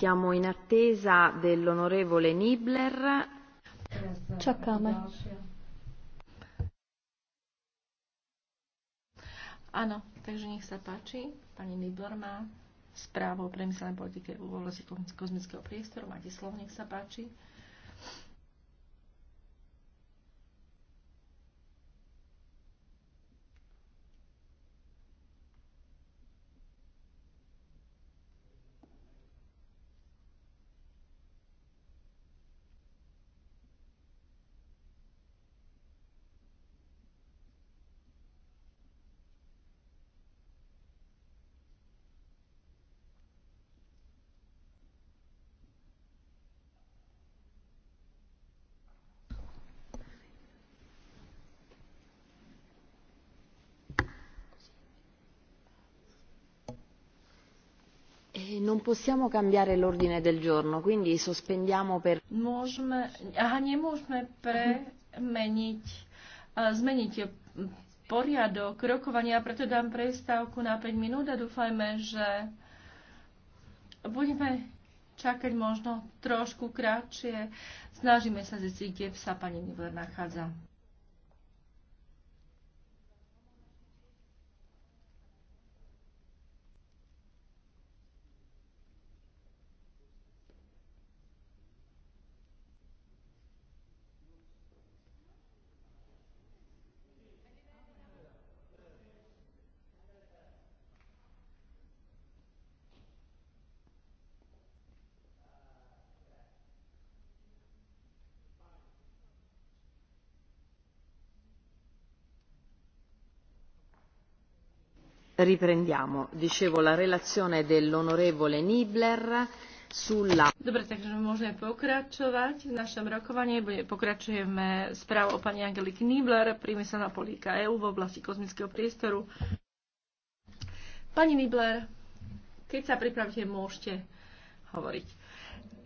Siamo in attesa dell'onorevole Nibler. Čakáme. Áno, takže nech sa páči. Pani Nibler má správu o priemyselnej politike v oblasti kozmického priestoru. Máte slovo, nech sa páči. Eh, non possiamo cambiare l'ordine del giorno, quindi sospendiamo per... Môžeme, aha, nemôžeme premeniť, eh, zmeniť poriadok rokovania, preto dám prestávku na 5 minút a dúfajme, že budeme čakať možno trošku kratšie. Snažíme sa zistiť, kde sa pani Nivler nachádza. Riprendiamo. Dicevo la relazione dell'onorevole Nibler sulla... Dobre, takže môžeme pokračovať v našom rokovaní. Pokračujeme správu o pani Angelik Nibler, prímyselná politika EÚ v oblasti kozmického priestoru. Pani Nibler, keď sa pripravíte, môžete hovoriť.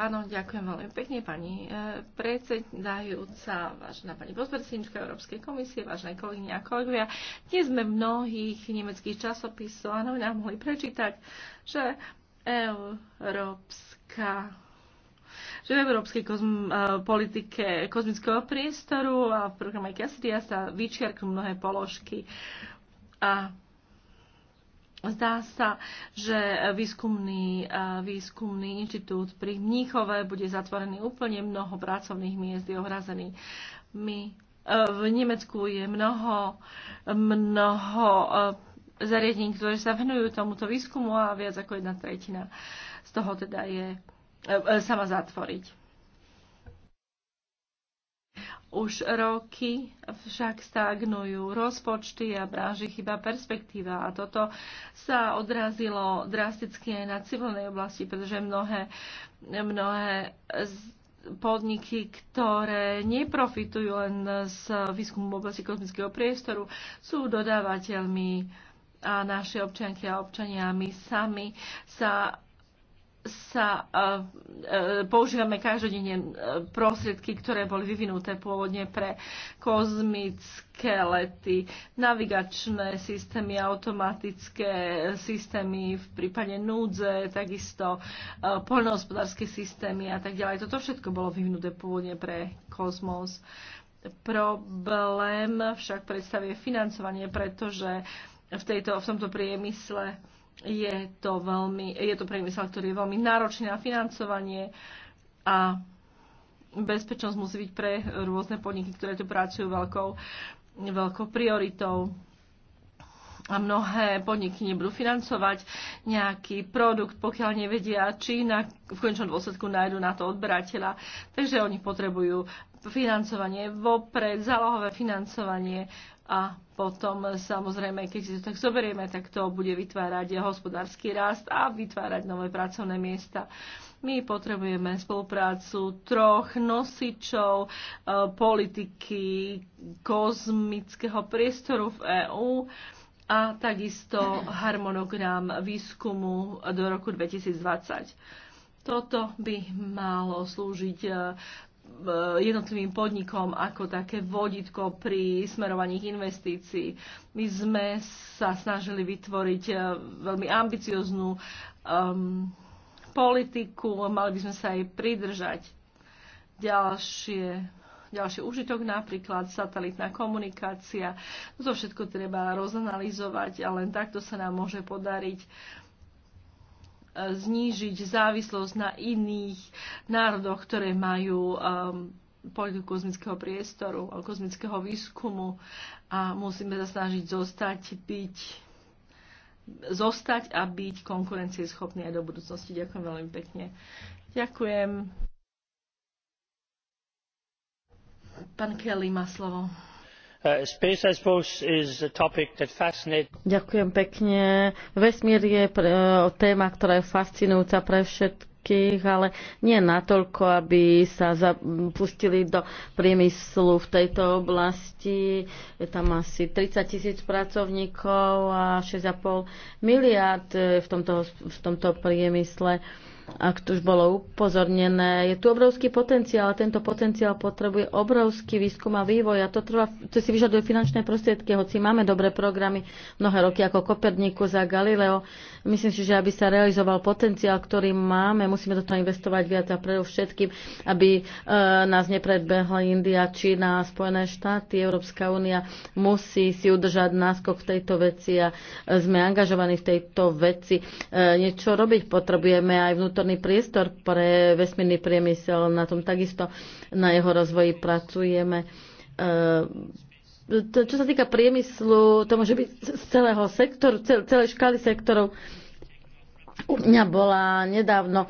Áno, ďakujem veľmi pekne, pani e, predsedajúca, vážená pani podpredsednička Európskej komisie, vážené kolegyne a kolegovia. Dnes sme v mnohých nemeckých časopisov a novinách mohli prečítať, že európska že v európskej kozm, e, politike kozmického priestoru a v programe Cassidia sa vyčiarknú mnohé položky. A Zdá sa, že výskumný, eh, výskumný inštitút pri Mníchove bude zatvorený úplne mnoho pracovných miest je ohrazený. My, eh, v Nemecku je mnoho, mnoho eh, zariadení, ktoré sa venujú tomuto výskumu a viac ako jedna tretina z toho teda je, sama zatvoriť. Už roky však stagnujú rozpočty a bráži chyba perspektíva. A toto sa odrazilo drasticky aj na civilnej oblasti, pretože mnohé, mnohé podniky, ktoré neprofitujú len z výskumu v oblasti kozmického priestoru, sú dodávateľmi a naše občianky a občania my sami sa sa e, e, používame každodenne e, prostriedky, ktoré boli vyvinuté pôvodne pre kozmické lety, navigačné systémy, automatické systémy v prípade núdze, takisto poľnohospodárske systémy a tak ďalej. Toto všetko bolo vyvinuté pôvodne pre kozmos. Problém však predstavuje financovanie, pretože v, tejto, v tomto priemysle je to, veľmi, je to priemysel, ktorý je veľmi náročný na financovanie a bezpečnosť musí byť pre rôzne podniky, ktoré tu pracujú veľkou, veľkou prioritou. A mnohé podniky nebudú financovať nejaký produkt, pokiaľ nevedia, či na, v končnom dôsledku nájdu na to odberateľa. Takže oni potrebujú financovanie vopred, zálohové financovanie, a potom samozrejme, keď si to tak zoberieme, tak to bude vytvárať hospodársky rast a vytvárať nové pracovné miesta. My potrebujeme spoluprácu troch nosičov e, politiky kozmického priestoru v EÚ a takisto harmonogram výskumu do roku 2020. Toto by malo slúžiť e, Eh, jednotlivým podnikom ako také vodítko pri smerovaní investícií. My sme sa snažili vytvoriť eh, veľmi ambicioznú um, politiku, mali by sme sa aj pridržať. Ďalšie, ďalší užitok napríklad satelitná komunikácia. To všetko treba rozanalizovať a len takto sa nám môže podariť um, Eh, znížiť závislosť na iných národoch, ktoré majú ehm, politiku kozmického priestoru, kozmického výskumu a musíme sa snažiť zostať, byť, zostať a byť konkurencieschopní aj do budúcnosti. Ďakujem veľmi pekne. Ďakujem. Pán Kelly má slovo. Uh, space, suppose, Ďakujem pekne. Vesmír je uh, téma, ktorá je fascinujúca pre všetkých, ale nie natoľko, aby sa pustili do priemyslu v tejto oblasti. Je tam asi 30 tisíc pracovníkov a 6,5 miliard eh, v tomto, v tomto priemysle. Uh, ak to už bolo upozornené, je tu obrovský potenciál a tento potenciál potrebuje obrovský výskum a vývoj a to, trvá, to si vyžaduje finančné prostriedky, hoci máme dobré programy mnohé roky ako Koperniku za Galileo. Myslím si, že aby sa realizoval potenciál, ktorý máme, musíme do toho investovať viac a predovšetkým, aby e, nás nepredbehla India, Čína, Spojené štáty, Európska únia musí si udržať náskok v tejto veci a e, sme angažovaní v tejto veci. E, niečo robiť potrebujeme aj vnútorne vnútorný priestor pre vesmírny priemysel. Na tom takisto na jeho rozvoji pracujeme. E, to, čo sa týka priemyslu, to môže byť z celého sektoru, cel, celej škály sektorov. U mňa bola nedávno e,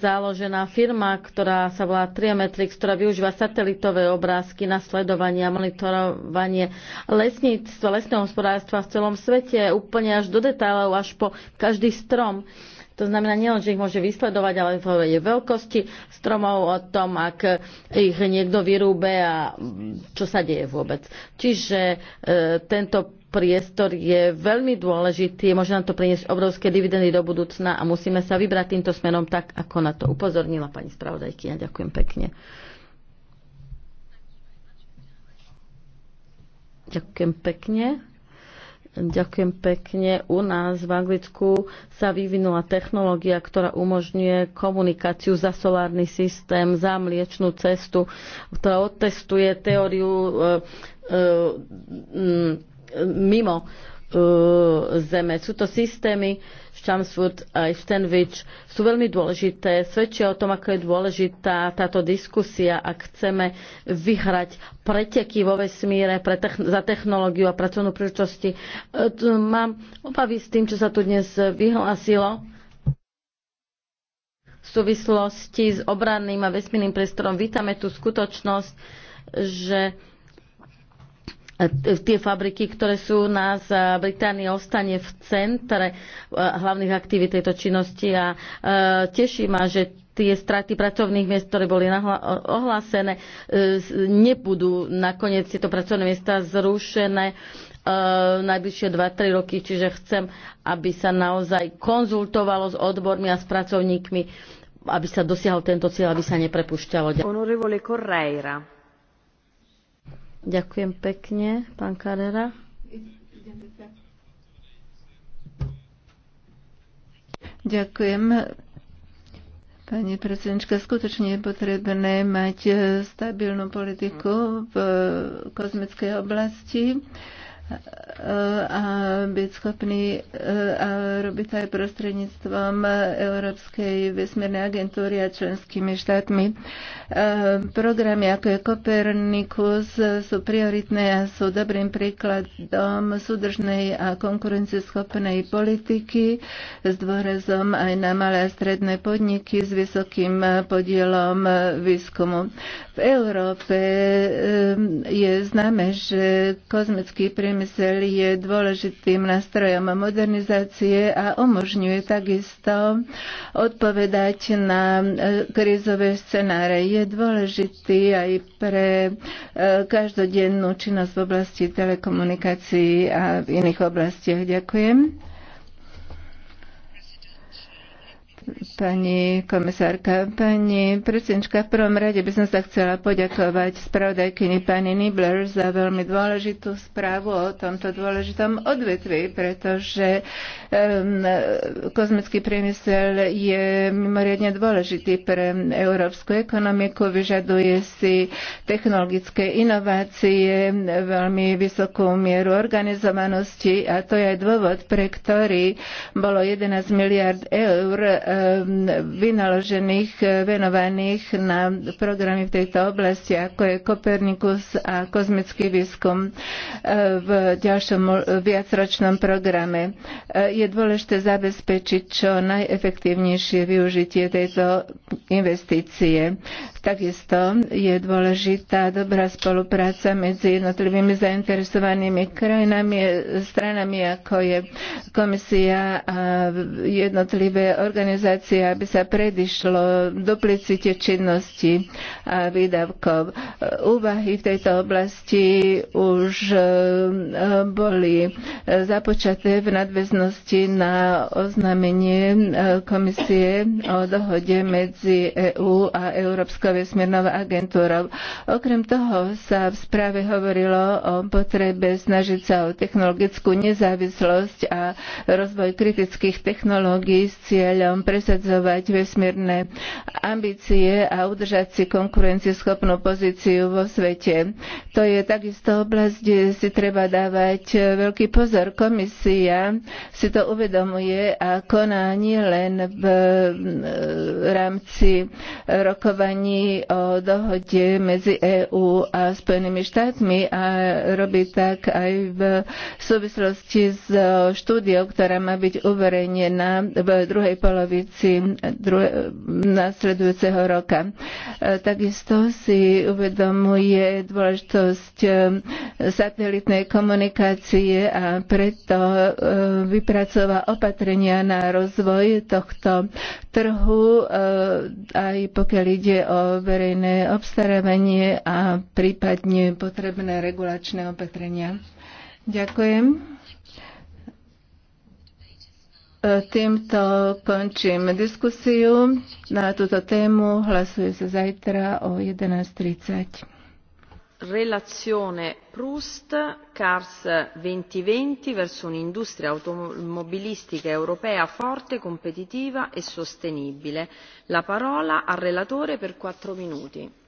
založená firma, ktorá sa volá Triometrix, ktorá využíva satelitové obrázky na sledovanie a monitorovanie lesníctva, lesného hospodárstva v celom svete, úplne až do detailov, až po každý strom. E, to znamená nielen, že ich môže vysledovať, ale je veľkosti stromov o tom, ak ich niekto vyrúbe a čo sa deje vôbec. Čiže e, tento priestor je veľmi dôležitý, môže nám to priniesť obrovské dividendy do budúcna a musíme sa vybrať týmto smerom tak, ako na to upozornila pani spravodajkyňa. Ďakujem pekne. Ďakujem pekne. Ďakujem pekne. U nás v Anglicku sa vyvinula technológia, ktorá umožňuje komunikáciu za solárny systém, za mliečnú cestu, ktorá otestuje teóriu e, e, mimo E, zeme. Sú to systémy v Chamsford aj v Stanwich. Sú veľmi dôležité. Svedčia o tom, ako je dôležitá táto diskusia, ak chceme vyhrať preteky vo vesmíre pre techn- za technológiu a pracovnú príležitosti. E, mám obavy s tým, čo sa tu dnes vyhlásilo v súvislosti s obranným a vesmírnym priestorom. Vítame tú skutočnosť, že tie fabriky, ktoré sú u nás v Británii, ostane v centre eh, hlavných aktivít tejto činnosti a eh, teší ma, že tie straty pracovných miest, ktoré boli ohlásené, eh, nebudú nakoniec tieto pracovné miesta zrušené najbližšie 2-3 roky, čiže chcem, aby sa naozaj konzultovalo s odbormi a s pracovníkmi, aby sa dosiahol tento cieľ, aby sa neprepušťalo. Onorevole Correira. Ďakujem pekne, pán Karera. Ďakujem. Pani predsednička, skutočne je potrebné mať stabilnú politiku v kozmickej oblasti a byť schopný e, a robiť aj prostredníctvom Európskej vesmírnej agentúry a členskými štátmi. E, programy ako je Kopernikus sú prioritné a sú dobrým príkladom súdržnej a konkurencieschopnej politiky s dôrazom aj na malé a stredné podniky s vysokým podielom výskumu. V Európe e, je známe, že kozmický priemysel priemysel je dôležitým nástrojom modernizácie a umožňuje takisto odpovedať na e, krízové scenáre. Je dôležitý aj pre e, každodennú činnosť v oblasti telekomunikácií a v iných oblastiach. Ďakujem. Pani komisárka, pani predsednička, v prvom rade by som sa chcela poďakovať spravodajkyni pani Nibler za veľmi dôležitú správu o tomto dôležitom odvetvi, pretože um, kozmický priemysel je mimoriadne dôležitý pre európsku ekonomiku, vyžaduje si technologické inovácie, veľmi vysokú mieru organizovanosti a to je aj dôvod, pre ktorý bolo 11 miliard eur vynaložených, eh, venovaných na programy v tejto oblasti, ako je Kopernikus a kozmický výskum eh, v ďalšom eh, viacročnom programe. Je dôležité zabezpečiť čo najefektívnejšie využitie tejto investície. Takisto je dôležitá dobrá spolupráca medzi jednotlivými zainteresovanými krajinami, stranami, ako je komisia a jednotlivé organizácie organizácie, aby sa predišlo duplicite činnosti a výdavkov. Úvahy v tejto oblasti už e, boli e, započaté v nadväznosti na oznámenie e, komisie o dohode medzi EÚ a Európskou vesmírnou agentúrou. Okrem toho sa v správe hovorilo o potrebe snažiť sa o technologickú nezávislosť a rozvoj kritických technológií s cieľom presadzovať vesmírne ambície a udržať si konkurencieschopnú pozíciu vo svete. To je takisto oblasť, kde si treba dávať veľký pozor. Komisia si to uvedomuje a koná len v e, rámci rokovaní o dohode medzi EÚ a Spojenými štátmi a robí tak aj v súvislosti s štúdiou, ktorá má byť uverejnená v druhej polovici polovici dru- nasledujúceho roka. E, takisto si uvedomuje dôležitosť e, satelitnej komunikácie a preto e, vypracová opatrenia na rozvoj tohto trhu, aj pokiaľ ide o verejné obstarávanie a prípadne potrebné regulačné opatrenia. Ďakujem. Týmto končím diskusiu na túto tému. Hlasuje sa zajtra o 11.30. Relazione Proust Cars 2020 verso un'industria automobilistica europea forte, competitiva e sostenibile. La parola al relatore per quattro minuti.